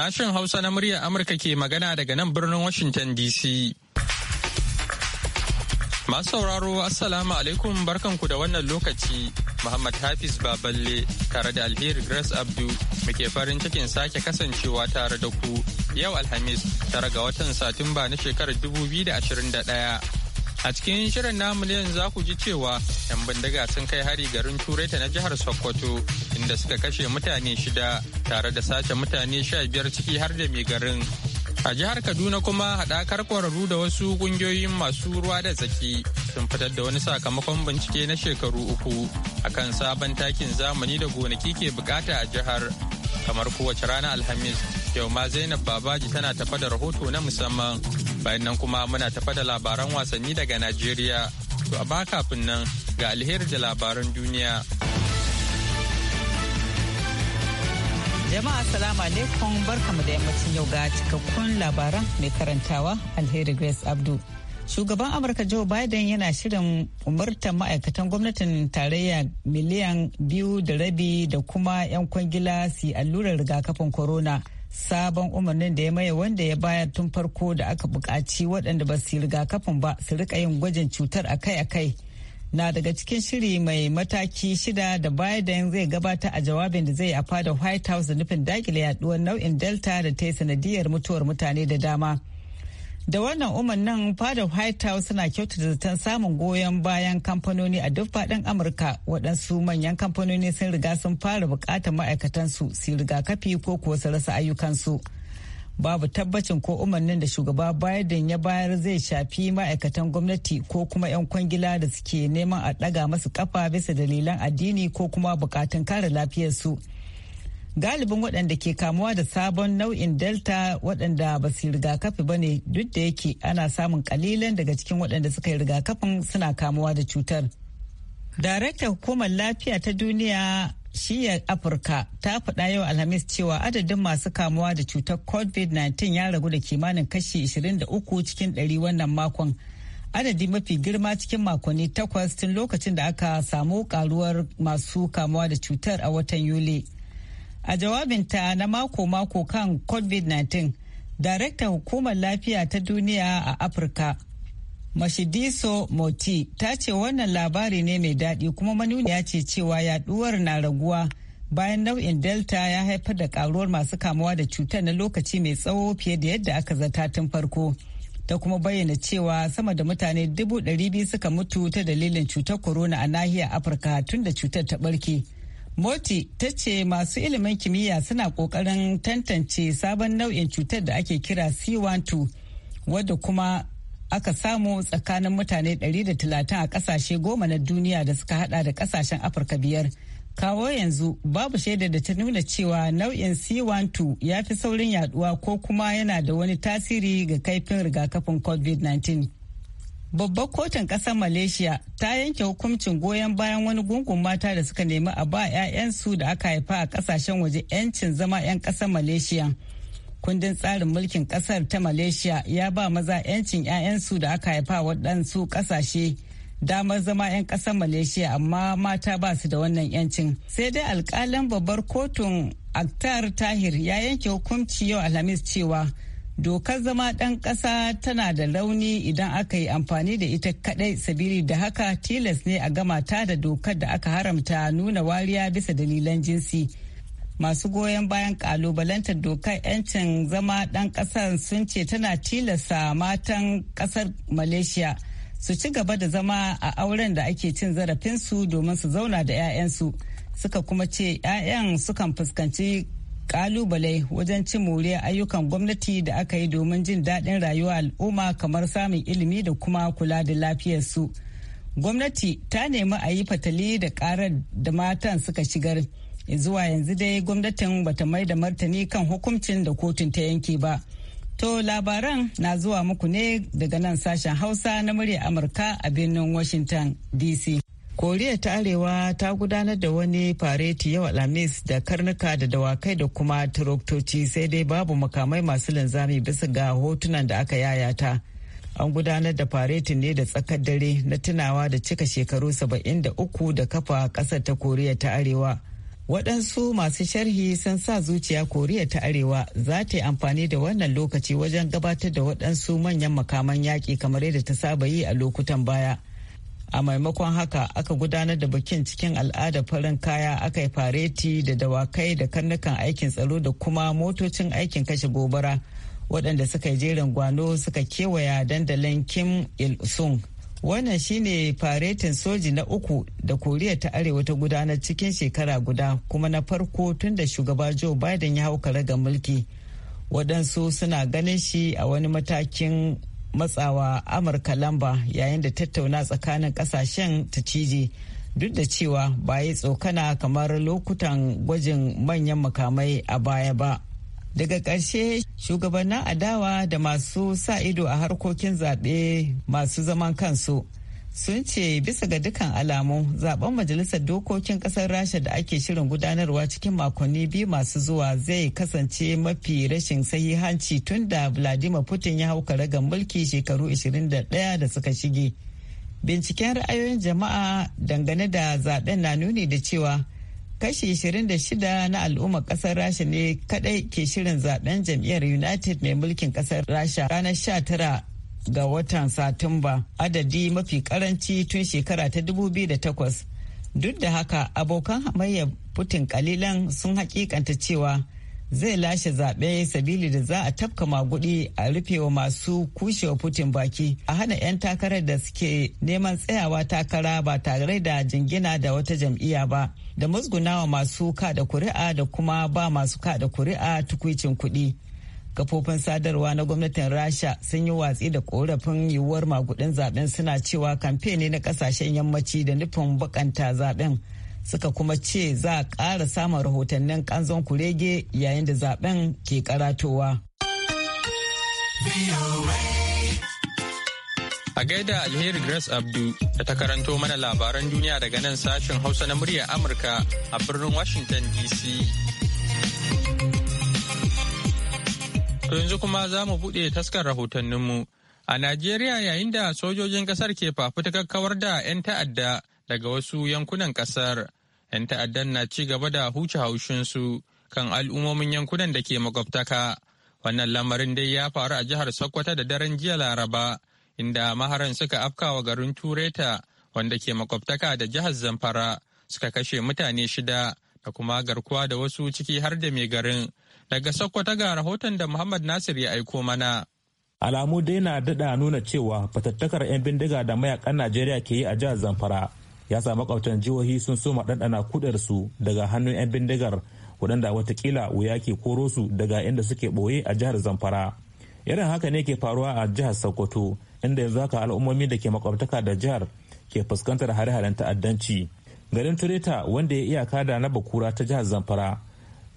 Sashen Hausa na muryar Amurka ke magana daga nan birnin Washington DC. Masu sauraro Assalamu alaikum barkanku da wannan lokaci. Muhammad Hafiz Baballe tare da Alheri Grace Abdu muke farin cikin sake kasancewa tare da ku yau Alhamis tare ga watan Satumba na shekarar 2021. A cikin shirin namu yanzu za ku ji cewa 'yan bindiga sun kai hari garin turaita na jihar Sokoto inda suka kashe mutane shida tare da sace mutane sha biyar ciki har da mai garin. A jihar Kaduna kuma haɗakar kwararru da wasu ƙungiyoyin masu ruwa da tsaki sun fitar da wani sakamakon bincike na shekaru uku akan sabon takin zamani da gonaki ke bukata a jihar. Kamar kowace rana Alhamis, yau ma Zainab Babaji tana tafa da rahoto na musamman. Bayan nan kuma muna tafa da labaran wasanni daga Najeriya. To a ba kafin nan ga alheri da labaran duniya. Jama'a salamu alaikum barkamu da yammacin yau ga cikakkun labaran mai karantawa alheri Grace Abdu. shugaban amurka joe biden yana shirin umartar ma'aikatan gwamnatin tarayya miliyan biyu da rabi da kuma 'yan kwangila su allurar rigakafin corona. sabon umarnin da ya maye wanda ya bayar tun farko da aka bukaci waɗanda ba su yi rigakafin ba su rika yin gwajin cutar akai-akai na daga cikin shiri mai mataki shida da biden zai gabata a jawabin da zai a fada white house da nufin dakile yaduwar nau'in delta da ta yi sanadiyar mutuwar mutane da dama. da wannan umarnin fadar white house suna kyautata zaton samun goyon bayan kamfanoni a duk faɗin amurka waɗansu manyan kamfanoni sun riga sun fara buƙatar ma'aikatansu su rigakafi ko kuwa su rasa ayyukansu babu tabbacin ko umarnin da shugaba biden ya bayar zai shafi ma'aikatan gwamnati ko kuma 'yan kwangila da suke neman a ɗaga masu kafa bisa dalilan addini ko kuma bukatun kare lafiyarsu. su galibin waɗanda ke kamuwa da sabon nau'in delta waɗanda ba su yi rigakafi ba ne duk da yake ana samun kalilan daga cikin waɗanda suka yi rigakafin suna kamuwa da cutar daraktan hukumar lafiya ta duniya shiyar afirka ta faɗa yau alhamis cewa adadin masu kamuwa da cutar covid-19 ya ragu da kimanin kashi 23 cikin 100 wannan makon adadi mafi girma cikin makonni takwas tun lokacin da aka samu karuwar masu kamuwa da cutar a watan yuli. A jawabinta na mako-mako kan COVID-19, Daraktan Hukumar Lafiya ta Duniya a Afirka, Mashidiso Moti, ta ce wannan labari ne mai daɗi kuma manuniya ce cewa yaduwar na raguwa bayan nau'in Delta ya haifar da karuwar masu kamuwa da cutar na lokaci mai tsawo fiye da yadda aka zata tun farko. Ta kuma bayyana cewa sama da mutane dubu ɗari biyu suka mutu ta dalilin cutar corona a nahiyar Afirka tun da cutar ta ɓarke. Moti ta ce masu ilimin kimiyya suna kokarin tantance sabon nau'in cutar da ake kira C12 wadda kuma aka samu tsakanin mutane 130 a kasashe goma na duniya da suka hada da kasashen Afirka biyar. Kawo yanzu babu shaida da ta nuna cewa nau'in C12 ya fi saurin yaduwa ko kuma yana da wani tasiri ga kaifin rigakafin COVID-19. Babbar kotun ƙasar Malaysia ta yanke hukuncin goyon bayan wani gungun mata da suka nemi a ba 'ya'yansu da aka haifa a ƙasashen waje 'yancin zama 'yan ƙasar Malaysia. Kundin tsarin mulkin ƙasar ta Malaysia ya ba maza 'yancin 'ya'yansu da aka haifa waɗansu ƙasashe damar zama 'yan ƙasar Malaysia amma mata ba su da wannan 'yancin. Sai dai alƙalin babbar kotun aktar Tahir ya yanke hukunci yau Alhamis cewa dokar zama ɗan ƙasa tana da launi idan aka yi amfani da ita kaɗai sabili da haka tilas ne a gama ta da dokar da aka haramta nuna wariya bisa dalilan jinsi masu goyon bayan ƙalubalantar dokar 'yancin zama ɗan ƙasar sun ce tana tilasta matan ƙasar malaysia su ci gaba da zama a auren da ake cin zarafinsu domin su zauna da 'ya'yansu suka kuma ce 'ya'yan sukan fuskanci kalubale wajen cin moriya ayyukan gwamnati da aka yi domin jin daɗin rayuwa al'umma kamar samun ilimi da kuma kula da lafiyarsu. Gwamnati ta nemi a yi fatali da ƙarar da matan suka shigar. Zuwa yanzu dai gwamnatin bata mai da martani kan hukuncin da kotun ta yanke ba. To labaran na zuwa muku ne daga nan sashen Hausa na murya Amurka a birnin Washington DC. koriya ta arewa ta gudanar da wani fareti yau alhamis da karnuka da dawakai da kuma turoktoci sai dai babu makamai masu linzami bisa ga hotunan da aka yayata an gudanar da faretin ne da tsakar dare na tunawa da cika shekaru 73 da kafa kasar ta koriya ta arewa waɗansu masu sharhi sun sa zuciya koriya ta arewa za ta yi amfani da wannan lokaci wajen gabatar da waɗansu manyan makaman yaƙi kamar yadda ta saba yi a lokutan baya. a maimakon haka aka gudanar da bikin cikin al'ada farin kaya aka yi fareti da dawakai da karnukan aikin tsaro da kuma motocin aikin kashe gobara waɗanda suka yi jerin gwano suka kewaya dandalin kim il-sung wannan shine faretin soji na uku da koriya ta arewa ta gudanar cikin shekara guda kuma na farko tun da shugaba joe biden ya hau ga mulki waɗansu suna ganin shi a wani matakin matsawa amurka lamba yayin da tattauna tsakanin kasashen ta cije duk da cewa ba yi tsokana kamar lokutan gwajin manyan makamai a baya ba daga ƙarshe shugabannin adawa da masu sa ido a harkokin zaɓe masu zaman kansu sun ce bisa ga dukkan alamu zaben majalisar dokokin kasar rasha da ake shirin gudanarwa cikin makonni biyu masu zuwa zai kasance mafi rashin sahihanci tun da vladimir putin ya hauka raga mulki shekaru 21 da suka shige binciken ra'ayoyin jama'a dangane da zaben na nuni da cewa kashi 26 na al'ummar kasar rasha ne kadai ke shirin zaben jam'iyyar united mai mulkin kasar rasha ranar 19 ga watan Satumba adadi mafi karanci tun shekara ta 2008. Duk da haka abokan hamayya Putin kalilan sun hakikanta cewa zai lashe zaɓe sabili da za a tafka magudi a rufewa masu kushewa Putin baki a hana 'yan takarar da suke neman tsayawa takara ba tare da jingina da wata jam'iyya ba da musgunawa masu kada kuri'a da kuma ba masu kada kuri'a tukwicin kuɗi. kafofin sadarwa na gwamnatin rasha sun yi watsi da korafin yiwuwar magudin zaben suna cewa kamfe ne na kasashen yammaci da nufin bakanta zaben suka kuma ce za a ƙara samun rahotannin kanzon kurege yayin da zaben ke karatowa a gaida alheri grace abdu da ta karanto mana labaran duniya daga nan sashen hausa na muryar amurka a birnin washington dc to yanzu kuma za mu buɗe taskar rahotanninmu. A Najeriya yayin da sojojin ƙasar ke fafutukar kawar da 'yan ta'adda daga wasu yankunan ƙasar. 'Yan ta'addan na ci gaba da huce haushinsu kan al'ummomin yankunan da ke makwabtaka. Wannan lamarin dai ya faru a jihar Sokoto da daren jiya Laraba, inda maharan suka afkawa garin Tureta wanda ke makwabtaka da jihar Zamfara suka kashe mutane shida da kuma garkuwa da wasu ciki har da mai garin Daga Sokoto ga rahoton da Muhammad Nasir ya aiko mana. Alamu dai na daɗa nuna cewa fatattakar 'yan bindiga da mayakan Najeriya ke yi a jihar Zamfara ya sa makwabtan jihohi sun soma ɗanɗana kudarsu daga hannun 'yan bindigar waɗanda watakila wuya ke koro su daga inda suke ɓoye a jihar Zamfara. Irin haka ne ke faruwa a jihar Sokoto inda yanzu haka al'ummomi da ke makwabtaka da jihar ke fuskantar hare-haren ta'addanci. Garin Tureta wanda ya iyaka da na Bakura ta jihar Zamfara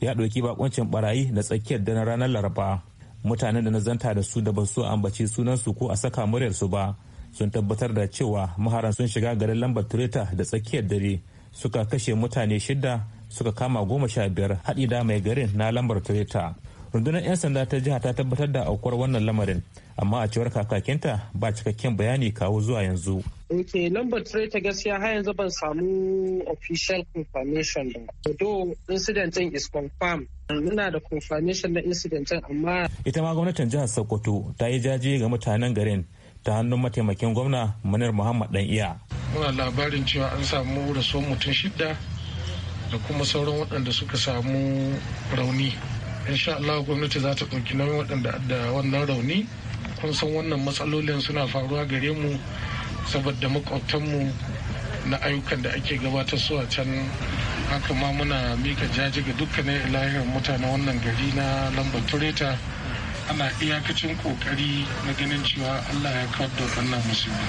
ya ɗauki bakuncin barayi da tsakiyar da na ranar laraba mutanen da na zanta da su da ba su ambaci sunansu ko a saka muryarsu ba sun tabbatar da cewa maharan sun shiga garin lambar tureta da tsakiyar dare suka kashe mutane shida suka kama goma sha biyar haɗi da mai garin na lambar tureta rundunar 'yan sanda ta jiha ta tabbatar da aukuwar wannan lamarin amma a cewar kakakinta ba cikakken bayani kawo zuwa yanzu Ok, number three ta gaskiya har yanzu ban samu official confirmation ba. Do incident is confirmed. Muna da confirmation na incident amma. Ita ma gwamnatin jihar Sokoto ta yi jaje ga mutanen garin ta hannun mataimakin gwamna Munir Muhammad Dan Iya. Muna labarin cewa an samu raso mutum shida da kuma sauran waɗanda suka samu rauni. Insha Allah gwamnati za ta ɗauki nauyin waɗanda da wannan rauni. Kun san wannan matsalolin suna faruwa gare mu saboda makwabtanmu na ayyukan da ake gabatar su a can haka ma muna mika jaji ga dukkanin lahirin mutane wannan gari na lambar tureta ana iyakacin kokari na ganin cewa allah ya kawar da wannan musulmi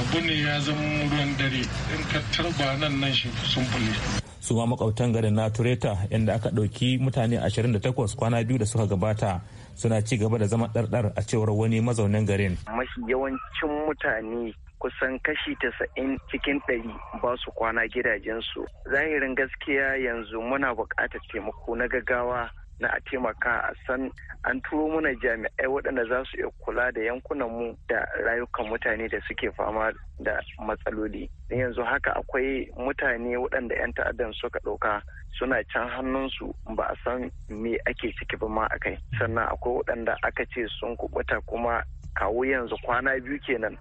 abu ne ya zama ruwan dare in ka tarba nan nan shi sun su ma makwabtan garin na tureta inda aka ɗauki mutane 28 kwana biyu da suka gabata suna ci gaba da zama ɗarɗar a cewar wani mazaunin garin mafi yawancin mutane kusan kashi tasa'in cikin ɗari ba su kwana gidajensu zahirin gaskiya yanzu muna buƙatar taimako na gaggawa na a taimaka a san an turo mana jami'ai waɗanda za su iya kula da yankunan mu da rayukan mutane da suke fama da matsaloli don yanzu haka akwai mutane waɗanda 'yan ta'addan suka ɗauka suna can hannunsu ba a san me ake ciki ba ma a kai sannan akwai waɗanda aka ce sun kubuta kuma kawo yanzu kwana biyu kenan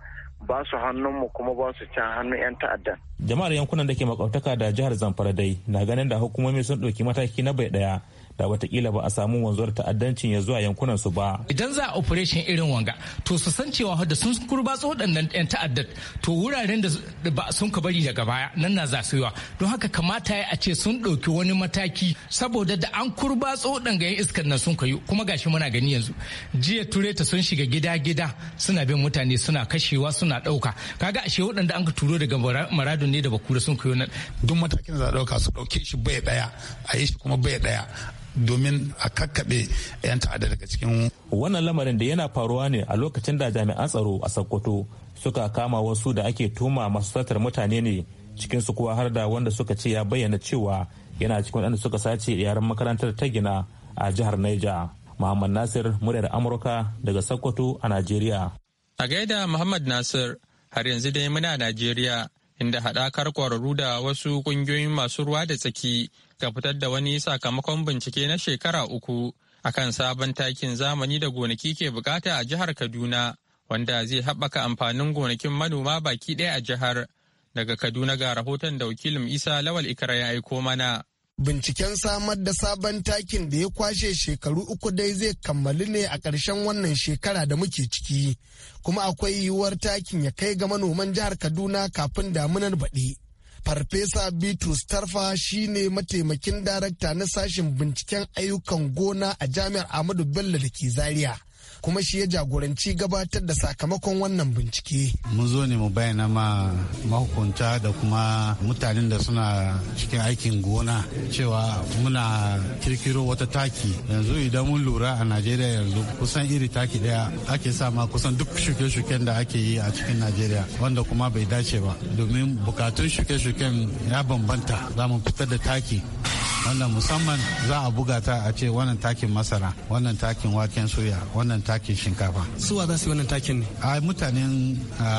ba su hannunmu kuma ba su can hannun 'yan ta'addan. jama'ar yankunan da ke makautaka da jihar zamfara dai na ganin da hukumomi sun ɗauki mataki na bai ɗaya da watakila ba a samu wanzuwar ta'addancin ya zuwa yankunan su ba idan za a operation irin wanga to su san cewa da sun su waɗannan yan ta'addad to wuraren da ba sun ka bari daga baya nan na za su yiwa don haka kamata ya a ce sun ɗauki wani mataki saboda da an kurbatsu waɗanga yan iskar nan sun kayu kuma gashi muna gani yanzu jiya ture ta sun shiga gida-gida suna bin mutane suna kashewa suna ɗauka kaga ashe wadanda an ka turo daga maradun ne da bakura sun kayo nan duk matakin za a ɗauka su ɗauke shi bai ɗaya a yi shi kuma bai ɗaya domin a kakkaɓe 'yan ta'adda daga cikin wannan lamarin da yana faruwa ne a lokacin da jami'an tsaro a sokoto suka kama wasu da ake tuma masu satar mutane ne cikin su kuwa har da wanda suka ce ya bayyana cewa yana cikin wanda suka sace yaran makarantar ta gina a jihar Niger. Muhammad Nasir muryar Amurka daga Sokoto a Najeriya. A gaida Muhammad Nasir har yanzu dai muna Najeriya inda haɗakar kwararru da wasu ƙungiyoyin masu ruwa da tsaki ga fitar da wani sakamakon bincike na shekara uku akan sabon takin zamani da gonaki ke bukata a jihar Kaduna wanda zai haɓaka amfanin gonakin manoma baki ɗaya a jihar. Daga Kaduna ga rahoton da wakilin Isa Lawal Ikra ya aiko mana. Binciken samar da sabon takin da ya kwashe shekaru uku dai zai kammalu ne a ƙarshen wannan shekara da muke ciki, kuma akwai yiwuwar takin ya kai ga manoman jihar Kaduna kafin damunar baɗi. Farfesa Bitrus Tarfa shi ne mataimakin darakta na sashen binciken ayyukan gona a jami'ar Ahmadu Bello da ke Zaria. kuma shi ya jagoranci gabatar da sakamakon wannan bincike. Mun zo ne mu bayyana ma mahukunta da kuma mutanen da suna cikin aikin gona cewa muna kirkiro wata taki yanzu idan mun lura a Najeriya yanzu kusan iri taki daya ake sa ma kusan duk shuke-shuken da ake yi a cikin Najeriya wanda kuma bai dace ba domin bukatun shuke-shuken ya bambanta za mu fitar da taki wannan musamman za a buga ta a ce wannan takin masara wannan takin waken soya wannan takin shinkafa suwa za su yi wannan takin ne a mutanen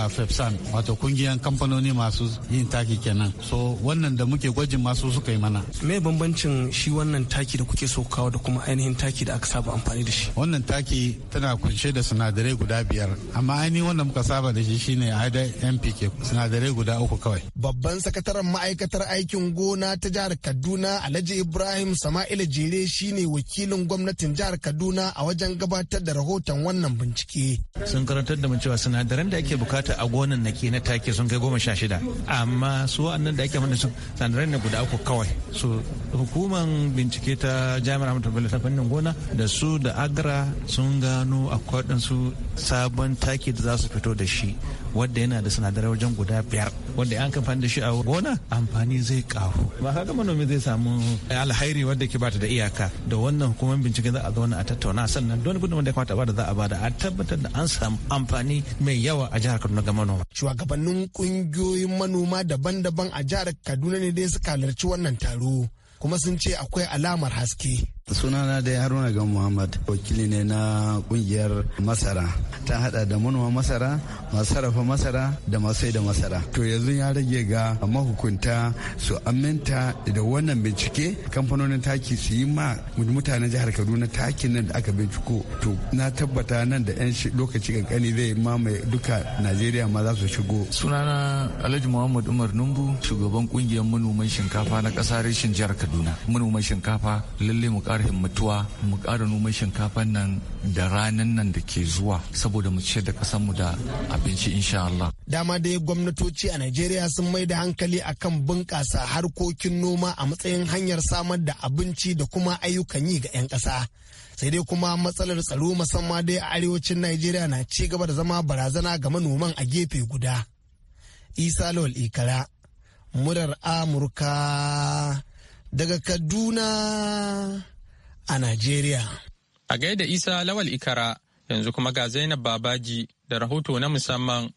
fepsan wato kungiyar kamfanoni masu yin taki kenan so wannan da muke gwajin masu suka yi mana me bambancin shi wannan taki da kuke so kawo da kuma ainihin taki da aka saba amfani da shi wannan taki tana kunshe da sinadarai guda biyar amma ainihin wannan muka saba da shi shine aida mpk sinadarai guda uku kawai babban sakataren ma'aikatar aikin gona ta jihar kaduna alhaji Alhaji Ibrahim Sama'ila Jere shine wakilin gwamnatin jihar Kaduna a wajen gabatar da rahoton wannan bincike. Sun karantar da mu cewa sinadaran da ake bukata a gonan na ke na take sun kai goma sha shida. Amma su wa'annan da ake mana su sinadaran ne guda uku kawai. So hukuman bincike ta jami'ar Ahmadu Bello ta fannin gona da su da Agra sun gano akwai su sabon taki da za su fito da shi. Wadda yana da sinadarai wajen guda biyar wanda an kamfani da shi a gona amfani zai karu ba kaga manomi zai samu eh, alhairi wadda ke bata da iyaka da wannan hukumar bincike za a zauna a tattauna sannan don gudun wanda ya kamata bada za a bada a tabbatar da an samu amfani mai yawa a jihar Kaduna ga manoma shugabannin kungiyoyin manoma daban-daban a jihar Kaduna ne dai suka halarci wannan taro kuma sun ce akwai alamar haske sunana da haruna ga muhammad wakili ne na kungiyar masara ta hada da manoma masara masu sarrafa masara da masu da masara to yanzu ya rage ga mahukunta su aminta da wannan bincike kamfanonin taki su yi ma mutanen jihar kaduna takin nan da aka binciko to na tabbata nan da yan lokaci kankani zai mamaye duka najeriya ma za su shigo sunana alhaji muhammad umar numbu shugaban kungiyar manoman shinkafa na kasar reshen jihar kaduna manoman shinkafa lalle mu ƙara himmatuwa mu ƙara noman shinkafa nan da ranan nan da ke zuwa saboda mu ciyar da ƙasarmu da abinci insha Allah. Dama dai gwamnatoci a Najeriya sun mai da hankali akan bunƙasa harkokin noma a matsayin hanyar samar da abinci da kuma ayyukan yi ga 'yan ƙasa. sai dai kuma matsalar tsaro musamman dai a arewacin Najeriya na ci gaba da zama barazana ga manoman a gefe guda. Isa Lawal Ikara, murar Amurka daga Kaduna a Najeriya. A gaida Isa Lawal Ikara yanzu kuma ga Zainab Babaji da rahoto na musamman.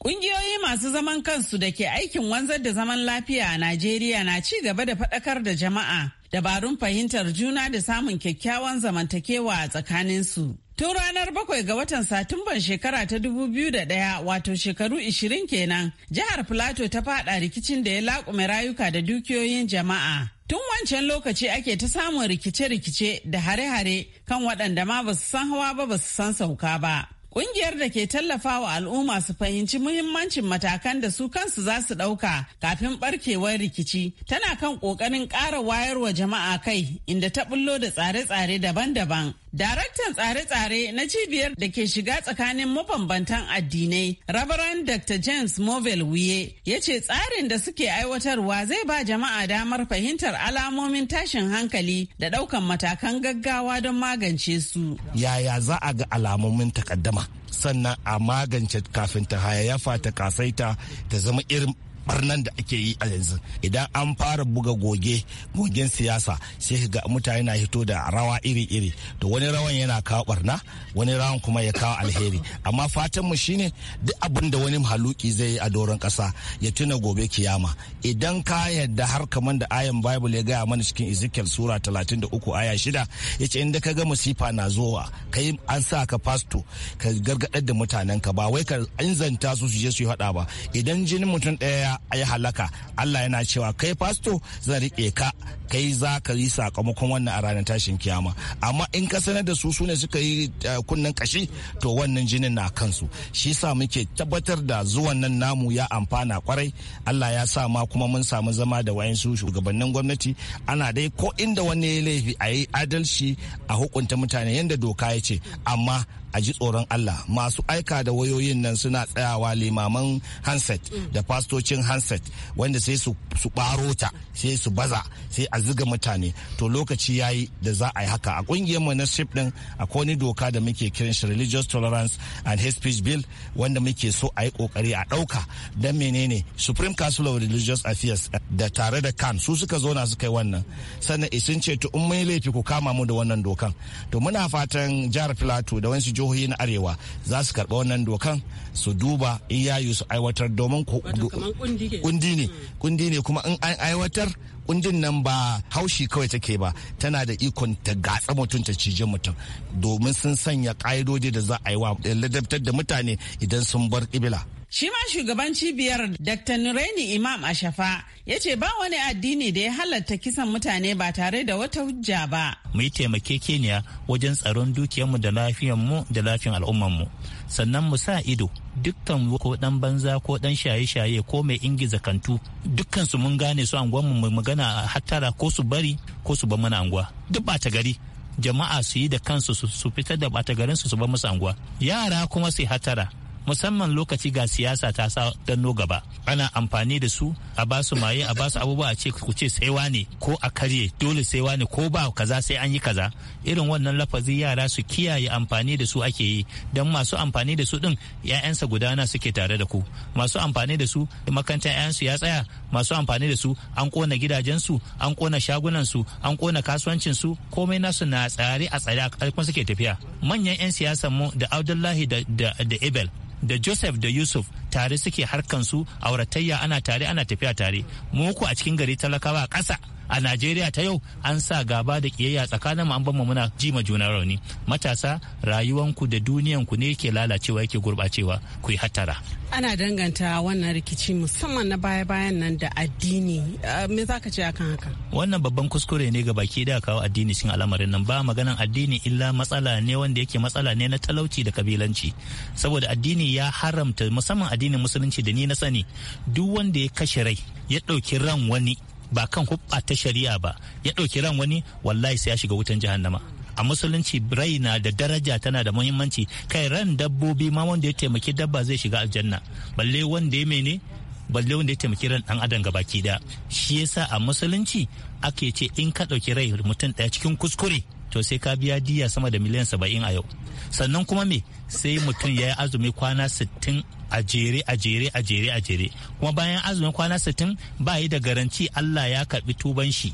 Ƙungiyoyi masu zaman kansu da ke aikin wanzar da zaman lafiya a Najeriya na ci gaba da faɗakar da jama'a dabarun fahimtar juna da samun kyakkyawan zamantakewa a tsakaninsu. Tun ranar bakwai ga watan Satumban shekara ta dubu biyu da 2001 wato shekaru ishirin kenan, jihar Filato ta fada rikicin da ya laƙume rayuka da dukiyoyin jama'a. Tun wancan lokaci ake ta samun rikice-rikice da hare-hare kan waɗanda ma ba su san hawa ba ba su san sauka ba. Ƙungiyar da ke tallafa wa al'umma su fahimci muhimmancin matakan da su kansu za su ɗauka kafin ɓarkewar rikici tana kan ƙoƙarin ƙara wayar wa jama'a kai inda ta bullo da tsare-tsare daban-daban Daraktan tsare-tsare na cibiyar da ke shiga tsakanin mabambantan addinai, Rabaran Dr. James Movell Wuye, ya ce tsarin da suke aiwatarwa zai ba jama'a damar fahimtar alamomin tashin hankali da ɗaukan matakan gaggawa don magance su. Yaya za a ga alamomin takaddama, sannan a magance kafin ta hayayafa ta kasaita ta zama irin barnan da ake yi a yanzu idan an fara buga goge gogen siyasa sai ga mutane na hito da rawa iri-iri to wani rawan yana kawo barna wani rawan kuma ya kawo alheri amma fatan mu shine duk abin da wani mahaluki zai yi a doron kasa ya tuna gobe kiyama idan ka yadda har kaman da ayan bible ya gaya mana cikin ezekiel sura 33 aya 6 yace inda ka ga masifa na zuwa kai an sa ka fasto ka gargadar da mutanen ka ba wai ka inzanta su su je su yi hada ba idan jinin mutum daya ya a yi halaka Allah yana cewa kai fasto zan riƙe ka kai za ka yi sakamakon wannan a ranar tashin kiyama amma in ka sanar da su su ne suka yi eh, kunnen kashi to wannan jinin na kansu shi sa muke tabbatar da zuwan nan namu ya amfana kwarai Allah ya sa ma kuma mun samu zama da wayansu shugabannin gwamnati ana dai ko inda wani ya laifi a yi adalci a hukunta mutane yadda doka ya ce amma a ji tsoron Allah masu aika da wayoyin nan suna tsayawa limaman handset da fastocin handset wanda sai su ɓaro ta sai su baza sai a ziga mutane to lokaci ya yi da za a yi haka a ƙungiyar mu na ship din akwai wani doka da muke kiran shi religious tolerance and hate speech bill wanda muke so a yi kokari a ɗauka don menene supreme council of religious affairs da tare da kan su suka zauna suka yi wannan sannan sun ce to in mun laifi ku kama mu da wannan dokan to muna fatan jihar plateau da wani jihohi na arewa za su karɓa wannan dokan su duba in yayu su aiwatar domin kundi ne hmm. kundi ne kuma in an aiwatar kundin nan ba haushi kawai take ba tana da ikon ta gatsa mutum ta cije mutum domin sun sanya ƙa'idodi da za a yi wa ladabtar da mutane idan sun bar ƙibila Shi ma shugaban cibiyar Dr. Nureni Imam Ashafa ya ce ba wani addini da ya halatta kisan mutane ba tare da wata hujja ba. Mu yi taimakekeniya wajen tsaron dukiyarmu da lafiyarmu da lafiyan al'ummarmu. Sannan mu sa ido dukkan ko dan banza ko dan shaye-shaye ko mai ingiza kantu dukkan su mun gane su anguwanmu mu magana a hattara ko su bari ko su ba mana anguwa. Duk ba ta gari jama'a su yi da kansu su fitar da bata garin su su ba musu anguwa. Yara kuma su hatara. musamman lokaci ga siyasa ta sa danno gaba ana amfani da su a ba su maye a ba su abubuwa a ce ku ce sai wane ko a karye dole sai wane ko ba kaza sai an yi kaza irin wannan lafazi yara su kiyaye amfani da su ake yi don masu amfani da su din ƴaƴansa gudana suke tare da ku masu amfani da su makantar ƴaƴansu ya tsaya masu amfani da su an kona gidajensu an kona shagunan su an kona kasuwancin su komai nasu na tsare a tsare a suke tafiya manyan 'yan siyasan mu da abdullahi da ebel da joseph da yusuf tare suke harkansu auratayya ana tare ana tafiya tare muku a cikin gari talakawa ƙasa a najeriya ta yau an sa gaba da kiyayya tsakanin mu an ban mu muna ji ma juna rauni matasa rayuwanku da duniyanku ne yake lalacewa yake gurbacewa ku yi hatara ana danganta wannan rikici musamman na baya-bayan nan da addini uh, me za ka ce akan haka wannan babban kuskure ne ga baki da kawo addini cikin al'amarin nan ba maganan addini illa matsala ne wanda yake matsala ne na talauci da kabilanci saboda addini ya haramta musamman addinin musulunci da ni na sani duk wanda ya kashe rai ya ɗauki ran wani ba kan hubba ta shari'a ba ya ɗauki ran wani wallahi sai ya shiga wutan jahannama a musulunci rai na da daraja tana da muhimmanci kai ran dabbobi ma wanda ya taimaki dabba zai shiga aljanna balle wanda ya mene balle wanda ya taimaki ran dan adam gabaki daya shi yasa a musulunci ake ce in ka ɗauki rai mutum ɗaya cikin kuskure to sai ka biya diya sama da miliyan saba'in a yau sannan kuma me sai mutum ya yi azumi kwana sittin a jere a jere a jere a jere kuma bayan azumin kwana sittin ba yi da garanci allah ya karbi tuban shi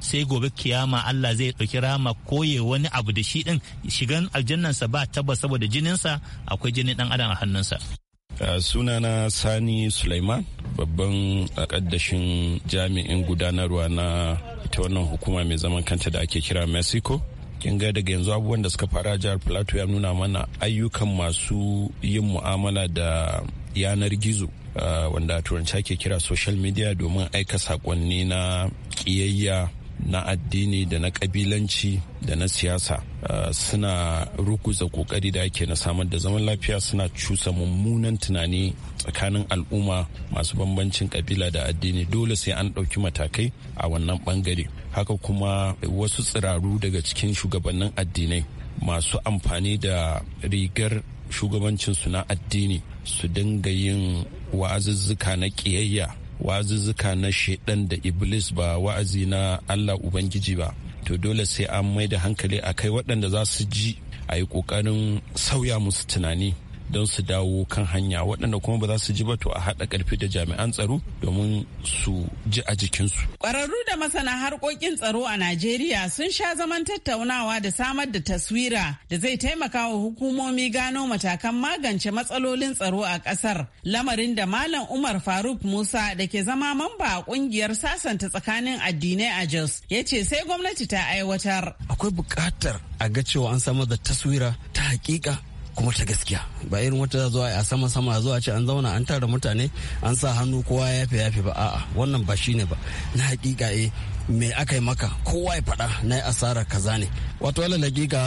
sai gobe kiyama Allah zai ɗauki rama koye wani abu da shi ɗin shigan aljannansa ba tabbas saboda jininsa akwai jinin ɗan adam a hannunsa. Uh, sunana sani suleiman babban kaddashin jami'in gudanarwa na ta wannan hukuma mai zaman kanta da ake kira mexico kin ga daga yanzu abubuwan da suka fara jihar plateau ya nuna mana ayyukan masu yin mu'amala da yanar gizo ah, wanda turanci ake kira social media domin aika sakonni na kiyayya na addini da na kabilanci da na siyasa uh, suna ruguza kokari da ake na samar da zaman lafiya suna cusa mummunan tunani tsakanin al'umma masu bambancin kabila da addini dole sai an ɗauki matakai a wannan bangare haka kuma wasu tsiraru daga cikin shugabannin addinai masu amfani da rigar shugabancinsu na addini su dinga yin wa'azuzzuka na ƙiyayya wazuzzuka na shaidan da iblis ba wa'azi na allah ubangiji ba to dole sai an mai da hankali a kai waɗanda za su ji a yi ƙoƙarin sauya musu tunani don su dawo kan hanya waɗanda kuma ba za su ji ba to a haɗa ƙarfi da jami'an tsaro domin su ji a jikinsu. Ƙwararru da masana harkokin tsaro a Najeriya sun sha zaman tattaunawa da samar da taswira da zai taimaka wa hukumomi gano matakan magance matsalolin tsaro a ƙasar. Lamarin da Malam Umar Faruk Musa da ke zama mamba a ƙungiyar sasanta tsakanin addinai a Jos ya ce sai gwamnati ta aiwatar. Akwai buƙatar a ga cewa an samar da taswira ta hakika kuma ta gaskiya ba irin wata zuwa a sama sama zuwa ce an zauna an tara mutane an sa hannu kowa ya yafe yafe ba a'a wannan ba shine ba na hakika e me aka yi maka kowa ya faɗa na yi asara kaza ne wato wala hakika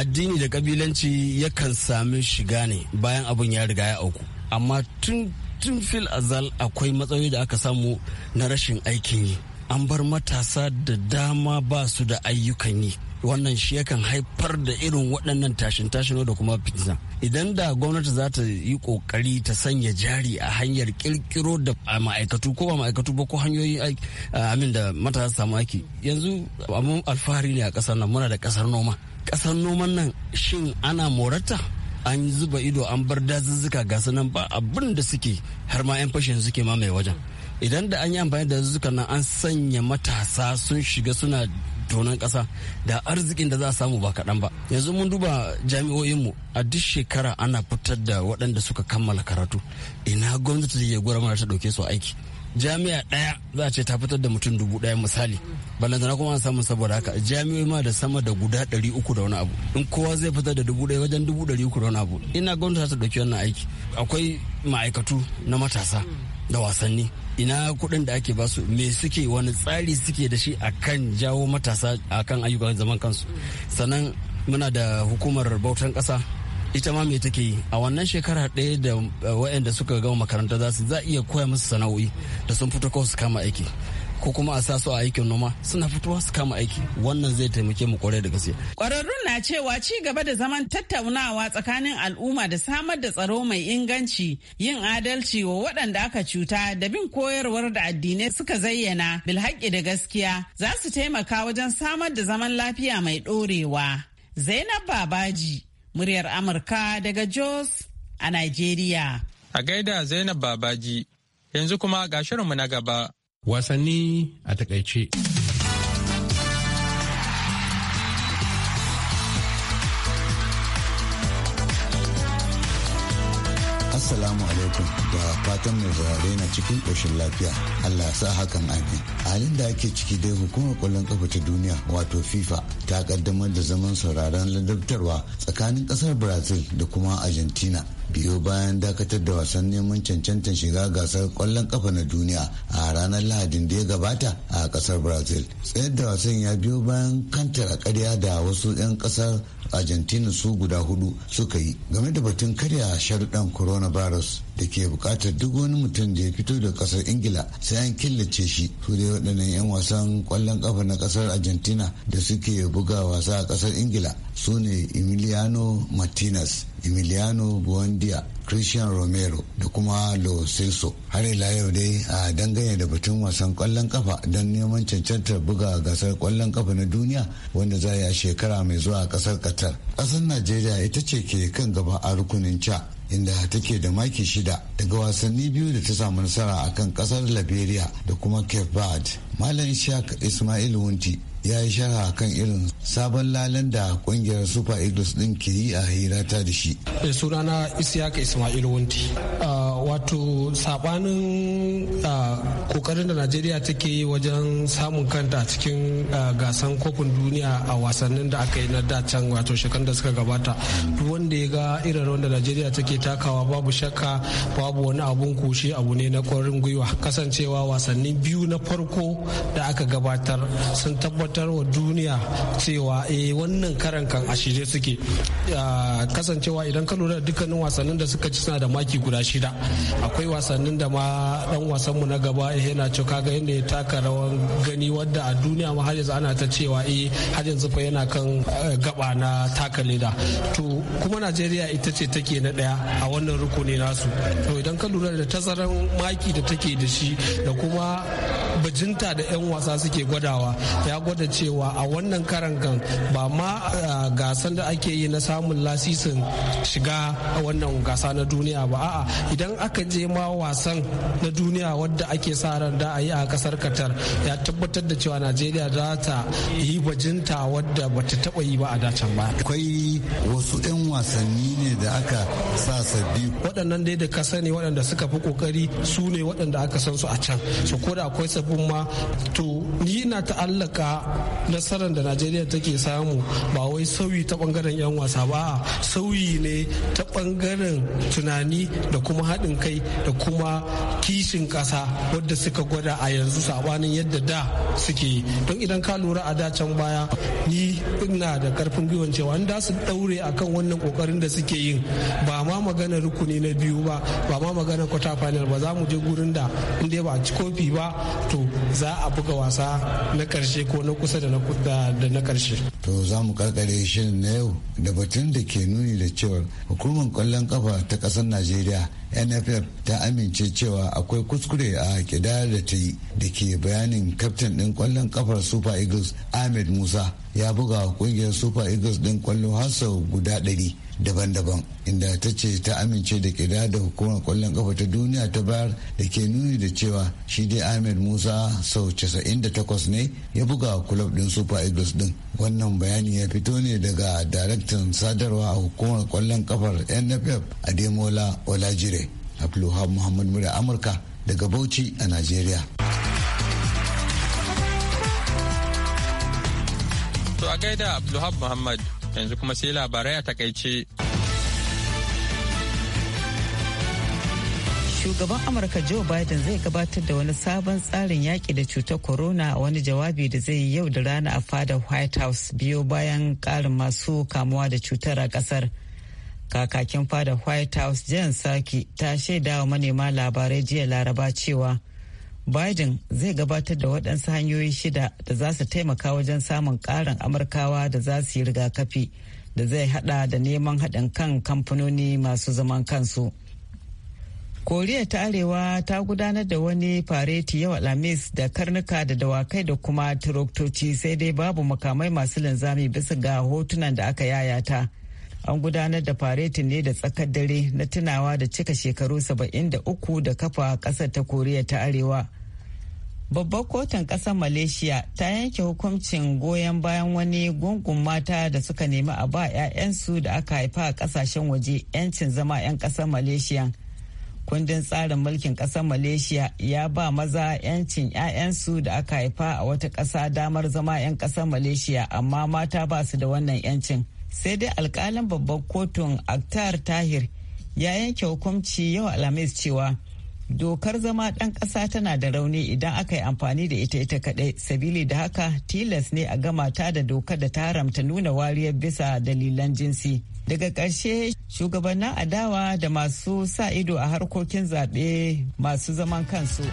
addini da kabilanci yakan sami shiga ne bayan abun ya riga ya auku amma tun tun fil azal akwai matsayi da aka samu na rashin aikin yi an bar matasa da dama ba su da ayyukan yi wannan shi yakan haifar da irin waɗannan tashin tashino da kuma fitina idan da gwamnati za ta yi kokari ta sanya jari a hanyar kirkiro da ma'aikatu ko ba ma'aikatu ba ko hanyoyi amin da matasa samu aiki yanzu abun alfahari ne a ƙasar nan muna da ƙasar noma ƙasar noman nan shin ana morata an zuba ido an bar dazuzzuka ga sanan ba abin da suke har ma 'yan fashin suke mai wajen idan da an yi amfani da dazuzzuka nan an sanya matasa sun shiga suna tattaunan ƙasa da arzikin da za a samu ba kaɗan ba yanzu mun duba jami'o'inmu a duk shekara ana fitar da waɗanda suka kammala karatu ina gwamnati da ya gwara mana ta ɗauke su aiki jami'a ɗaya za a ce ta fitar da mutum dubu ɗaya misali balantana kuma an samu saboda haka jami'oi ma da sama da guda ɗari uku da wani abu in kowa zai fitar da dubu ɗaya wajen dubu ɗari uku da wani abu ina gwamnati ta ɗauki wannan aiki akwai ma'aikatu na matasa da wasanni ina kuɗin da ake basu me suke wani tsari suke da shi a kan jawo matasa a kan ayyukan zaman kansu sannan muna da hukumar bautan ƙasa ita ma me take yi a wannan shekara ɗaya da eh, wayanda suka gama makaranta za su za iya koya musu sana'o'i da sun fito kawai su kama aiki ko kuma a sa a aikin noma suna fitowa su kama aiki wannan zai taimake mu kwarai da gaske. Kwararrun na cewa ci gaba da zaman tattaunawa tsakanin al'umma da samar da tsaro mai inganci yin adalci wa waɗanda aka cuta da bin koyarwar da addinai suka zayyana bilhaƙi da gaskiya za su taimaka wajen samar da zaman lafiya mai ɗorewa. Zainab Babaji, muryar Amurka daga Jos a nigeria. A gaida Zainab Babaji, yanzu kuma ga shirinmu na gaba. Wasanni a takaice. Assalamu alaikum da fatan mai saurare na cikin ƙoshin lafiya. Allah sa hakan ake. A halin da ake ciki dai hukumar ƙwallon ƙafa ta duniya wato FIFA ta ƙaddamar da zaman sauraron ladabtarwa tsakanin ƙasar Brazil da kuma Argentina biyo bayan dakatar da wasan neman cancantar shiga gasar kwallon kafa na duniya a ranar lahadin da ya gabata a kasar brazil tsayar da wasan ya biyo bayan kantar a karya da wasu 'yan kasar argentina su guda hudu suka yi game da batun karya sharuɗan coronavirus da ke bukatar duk wani mutum da ya fito da kasar ingila sai an killace shi su dai waɗannan 'yan wasan kwallon kafa na kasar argentina da suke buga wasa a kasar ingila su ne emiliano martinez emiliano buendia christian romero da kuma lo celso har ila yau dai a dangane da batun wasan kwallon kafa don neman cancantar buga gasar kwallon kafa na duniya wanda za a shekara mai zuwa kasar qatar kasar najeriya ita ce ke kan gaba a rukunin ca inda take da maki shida daga wasanni biyu da ta samu nasara a kan kasar liberia da kuma cape verde malam ishaq ismail wunti ya yi shara kan irin sabon lalen da kungiyar super eagles din ke yi a hirata da shi eh, sunana isiyaka ismail wunti ah, wato sabanin kokarin da najeriya take yi wajen samun kanta cikin gasan kofin duniya a wasannin da aka yi na dacan wato shekaru da suka gabata wanda ya ga irin rawar da najeriya take takawa babu shakka babu wani abun kushe abu ne na kwarin gwiwa kasancewa wasannin biyu na farko da aka gabatar sun tabbatar wa duniya cewa eh wannan karan kan a shirye suke kasancewa idan ka lura da dukkanin wasannin da suka ci suna da maki guda shida akwai wasannin da ma dan wasanmu na gaba eh, yana cewa kaga yadda ya taka rawan gani wadda a duniya ma har yanzu ana ta cewa eh har yanzu fa yana kan eh, gaba na taka leda to kuma najeriya ita ce take na daya a wannan rukuni nasu to idan ka lura da tazaran maki da take da shi da kuma bajinta da 'yan wasa suke gwadawa ya gwada cewa a wannan karan kan ba ma eh, gasan da ake yi na samun lasisin shiga a wannan gasa na duniya ba a'a idan aka je ma wasan na duniya wadda ake sa ran da a yi a kasar katar ya tabbatar da cewa najeriya za ta yi bajinta wadda bata taba yi ba a dacan ba akwai wasu 'yan wasanni ne da aka sa sabbi waɗannan dai da ka sani waɗanda suka fi kokari su ne waɗanda aka san su a can su ko da akwai sabbin ma to ni na ta'allaka nasarar da najeriya take samu ba wai sauyi ta bangaren 'yan wasa ba sauyi ne ta bangaren tunani da kuma haɗin kai da kuma kishin ƙasa wadda suka gwada a yanzu sabanin yadda da suke don idan ka lura a da can baya ni ina da karfin gwiwan cewa da su daure kan wannan kokarin da suke yin ba ma magana rukuni na biyu ba ba ma magana kwata final ba za mu je gurin da inda ba ci kofi ba to za a buga wasa na karshe ko na kusa da na karshe to za mu karkare shirin na yau da batun da ke nuni da cewa hukumar kwallon kafa ta kasar najeriya nff ta amince cewa akwai kuskure a kidayar da ta yi da ke bayanin kaftin ɗin ƙwallon kafar super eagles ahmed musa ya buga kungiyar super eagles ɗin kwallo har sau guda ɗari daban-daban inda ta ce ta amince da kida da hukumar kwallon kafa ta duniya ta bayar da ke nuni da cewa shi dai ahmed musa sau 98 ne ya buga kulob din super eagles din wannan bayani ya fito ne daga daraktan sadarwa a hukumar kwallon kafar nff ademola olajire abdulhab muhammad mura amurka daga bauchi a nigeria to a gaida abdulhab muhammad yanzu kuma sai labarai a takaice. Shugaban Amurka Joe Biden zai gabatar da wani sabon tsarin yaƙi da cutar corona wani jawabi da zai yi yau da rana a fadar White House biyo bayan ƙarin masu kamuwa da cutar a ƙasar. Kakakin fadar White House Jan Saki ta shaidawa manema labarai jiya Laraba cewa Biden zai gabatar da waɗansu hanyoyi shida da za su taimaka wajen samun ƙarin Amurkawa da za su yi rigakafi da zai hada da neman haɗin kan kamfanoni masu zaman kansu. Koriya ta Arewa ta gudanar da wani fareti yau Alhamis da karnuka da dawakai da kuma turoktoci sai dai babu makamai masu linzami bisa ga hotunan da aka yayata. an gudanar da faretin ne da tsakar dare na tunawa da cika shekaru 73 da kafa kasar ta koriya ta arewa babbar kotun ƙasar malaysia ta yanke hukuncin goyon bayan wani gungun mata da suka nemi a ba 'ya'yansu da aka haifa a ƙasashen waje 'yancin zama 'yan ƙasar malaysia kundin tsarin mulkin ƙasar malaysia ya ba maza 'yancin 'ya'yansu da aka haifa a wata ƙasa damar zama 'yan ƙasar malaysia amma mata ba su da wannan 'yancin sai dai alkalin babbar kotun aktar tahir ya yanke hukunci yau alhamis cewa dokar zama ɗan ƙasa tana da rauni idan aka yi amfani da ita ita kaɗai sabili da haka tilas ne a gama ta da dokar da ta haramta nuna wariyar bisa dalilan jinsi daga ƙarshe shugabannin adawa da masu sa ido a harkokin zaɓe masu zaman kansu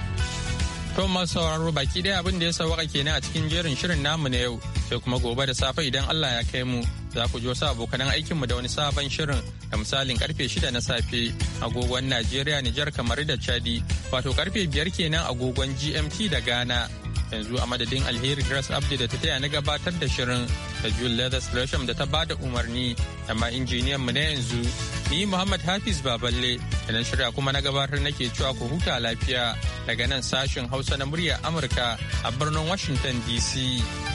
tom masu sauraro baki ɗaya abin da ya sauwaka kenan a cikin jerin shirin namu na yau sai kuma gobe da safe idan allah ya kai mu za ku ji wasu abokanan aikinmu da wani sabon shirin da misalin karfe shida na safe agogon Najeriya Nijar kamar da Chadi wato karfe 5 kenan agogon GMT da Ghana yanzu a madadin alheri Grace Abdi da ta taya na gabatar da shirin da Jule Leathers Gresham da ta bada umarni amma injiniyan mu na yanzu ni Muhammad Hafiz Baballe da na shirya kuma na gabatar nake cewa ku huta lafiya daga nan sashin Hausa na muryar Amurka a birnin Washington DC.